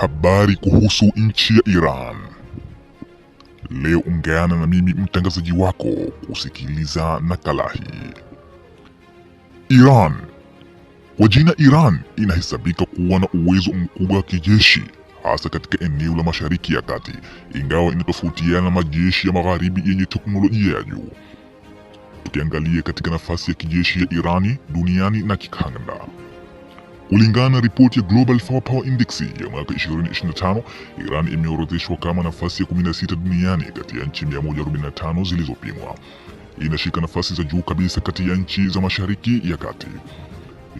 habari kuhusu nchi ya Iran. Leo ungeana na mimi mtangazaji wako kusikiliza nakala hii. Iran. Kwa jina Iran inahesabika kuwa na uwezo mkubwa wa kijeshi hasa katika eneo la Mashariki ya Kati, ingawa inatofautiana na majeshi ya magharibi yenye teknolojia ya juu. Tukiangalia katika nafasi ya kijeshi ya Irani duniani na kikanda Kulingana na ripoti ya Global Power Index ya mwaka 2025, Iran imeorodheshwa kama nafasi ya 16 duniani kati ya nchi 145 zilizopimwa. Inashika nafasi za juu kabisa kati ya nchi za Mashariki ya Kati.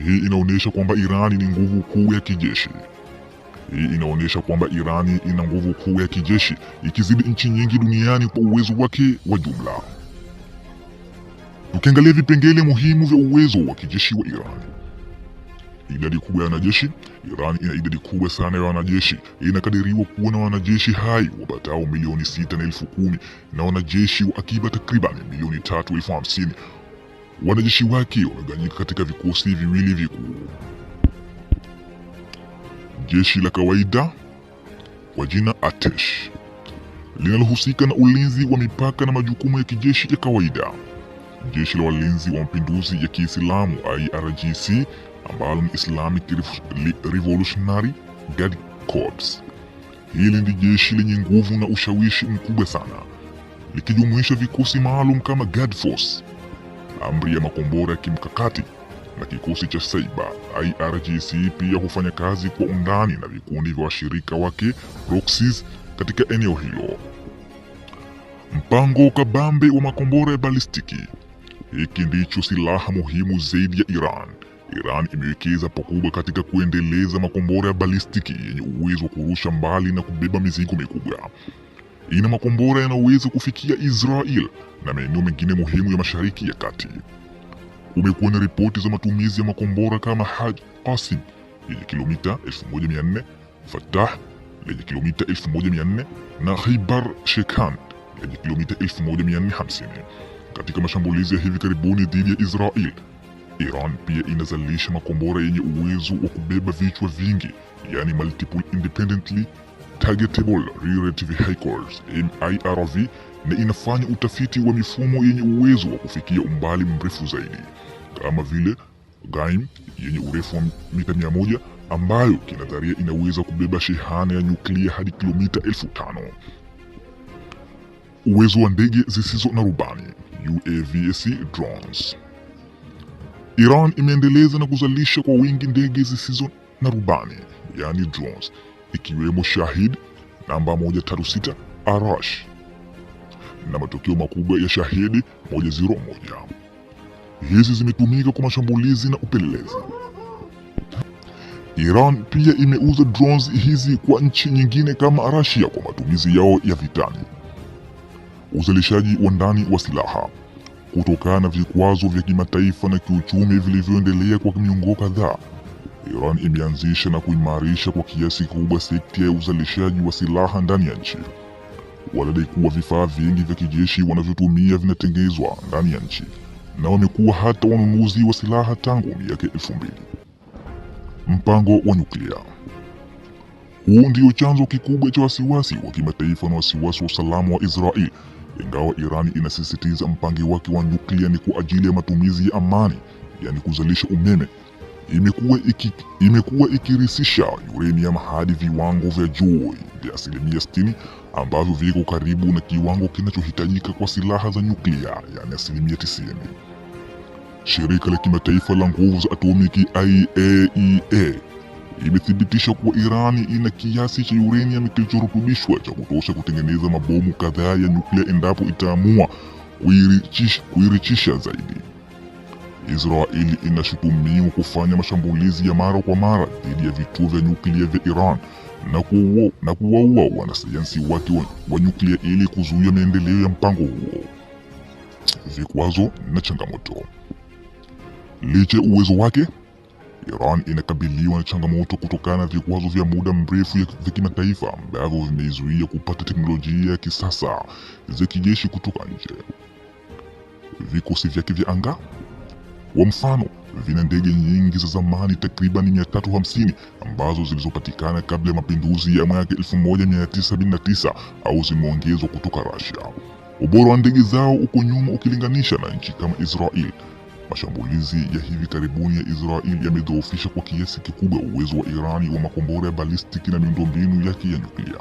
Hii inaonyesha kwamba Irani ni nguvu kuu ya kijeshi. Hii inaonyesha kwamba Irani ina nguvu kuu ya kijeshi ikizidi nchi nyingi duniani kwa uwezo wake wa jumla. Tukiangalia vipengele muhimu vya uwezo wa kijeshi wa Iran idadi kubwa ya wanajeshi. Iran ina idadi kubwa sana ya wanajeshi, inakadiriwa kuwa na wanajeshi hai wapatao milioni sita na elfu kumi na wanajeshi wa akiba takriban milioni tatu elfu hamsini. Wanajeshi wake wameganyika katika vikosi viwili vikuu: jeshi la kawaida kwa jina Atesh linalohusika na ulinzi wa mipaka na majukumu ya kijeshi ya kawaida, jeshi la walinzi wa mapinduzi ya Kiislamu IRGC ambalo ni Islamic Revolutionary Guard Corps. Hili ni jeshi lenye nguvu na ushawishi mkubwa sana, likijumuisha vikosi maalum kama Guard Force, amri ya makombora ya kimkakati na kikosi cha Saiba. IRGC pia hufanya kazi kwa undani na vikundi vya washirika wake proxies katika eneo hilo. Mpango kabambe wa makombora ya balistiki. Hiki ndicho silaha muhimu zaidi ya Iran Iran imewekeza pakubwa katika kuendeleza makombora ya balistiki yenye uwezo wa kurusha mbali na kubeba mizigo mikubwa. Ina makombora yanayoweza kufikia Israel na maeneo mengine muhimu ya Mashariki ya Kati. Kumekuwa na ripoti za matumizi ya makombora kama Haj Qasim yenye kilomita 1400, Fatah lenye kilomita 1400 na Khyber Shekan lenye kilomita 1450 katika mashambulizi ya hivi karibuni dhidi ya Israel Iran pia inazalisha makombora yenye uwezo wa kubeba vichwa vingi, yani multiple independently targetable rearranged vehicles MIRV, na inafanya utafiti wa mifumo yenye uwezo wa kufikia umbali mrefu zaidi kama vile GAIM yenye urefu wa mita 100 ambayo kinadharia inaweza kubeba shehana ya nyuklia hadi kilomita elfu tano. Uwezo wa ndege zisizo na rubani UAVC drones Iran imeendeleza na kuzalisha kwa wingi ndege zisizo na rubani, yaani drones, ikiwemo Shahid namba 136 Arash na matokeo makubwa ya Shahidi 101. Hizi zimetumika kwa mashambulizi na upelelezi. Iran pia imeuza drones hizi kwa nchi nyingine kama Russia kwa matumizi yao ya vitani. Uzalishaji wa ndani wa silaha kutokana na vikwazo vya kimataifa na kiuchumi vilivyoendelea kwa miongo kadhaa. Iran imeanzisha na kuimarisha kwa kiasi kikubwa sekta ya uzalishaji wa silaha ndani ya nchi. Wanadai kuwa vifaa vingi vya kijeshi wanavyotumia vinatengenezwa ndani ya nchi na wamekuwa hata wanunuzi wa silaha tangu miaka elfu mbili. Mpango wa nyuklia huu ndiyo chanzo kikubwa cha wasiwasi wa kimataifa na wasiwasi wa usalama wa Israeli ingawa Irani inasisitiza mpango wake wa nyuklia ni kwa ajili ya matumizi ya amani, yaani kuzalisha umeme, imekuwa iki, imekuwa ikirisisha uranium hadi viwango vya juu vya asilimia 60 ambavyo viko karibu na kiwango kinachohitajika kwa silaha za nyuklia, yaani asilimia 90. Shirika la kimataifa la nguvu za atomiki IAEA e imethibitisha kuwa Irani ina kiasi cha uranium kilichorutubishwa cha kutosha kutengeneza mabomu kadhaa ya nyuklia endapo itaamua kuirichisha, kuirichisha zaidi. Israeli inashutumiwa kufanya mashambulizi ya mara kwa mara dhidi ya vituo vya nyuklia vya Iran na kuwaua wanasayansi wake wa, wa nyuklia ili kuzuia maendeleo ya mpango huo. Vikwazo na changamoto licha uwezo wake Iran inakabiliwa na changamoto kutokana na vikwazo vya muda mrefu vya kimataifa ambavyo vimeizuia kupata teknolojia ya kisasa za kijeshi kutoka nje. Vikosi vyake vya anga kwa mfano vina ndege nyingi za zamani takriban 350 ambazo zilizopatikana kabla ya mapinduzi ya mwaka 1979 au zimeongezwa kutoka Russia. Ubora wa ndege zao uko nyuma ukilinganisha na nchi kama Israel Mashambulizi ya hivi karibuni ya Israel yamedhoofisha kwa kiasi kikubwa uwezo wa Irani wa makombora ya balistiki na miundombinu yake ya nyuklia,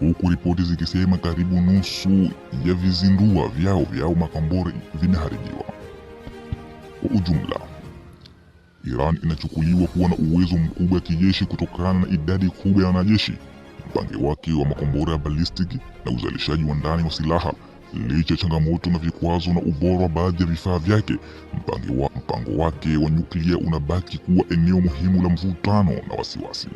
huku ripoti zikisema karibu nusu ya vizindua vyao vyao makombora vimeharibiwa. Kwa ujumla, Iran inachukuliwa kuwa na uwezo mkubwa wa kijeshi kutokana na idadi kubwa ya wanajeshi, mpango wake wa makombora ya balistiki na uzalishaji wa ndani wa silaha Licha ya changamoto na vikwazo na ubora wa baadhi ya vifaa vyake, mpango, wa, mpango wake wa nyuklia unabaki kuwa eneo muhimu la mvutano na wasiwasi.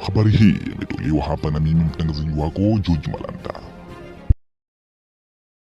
Habari hii imetolewa hapa na mimi mtangazaji wako George Malanda.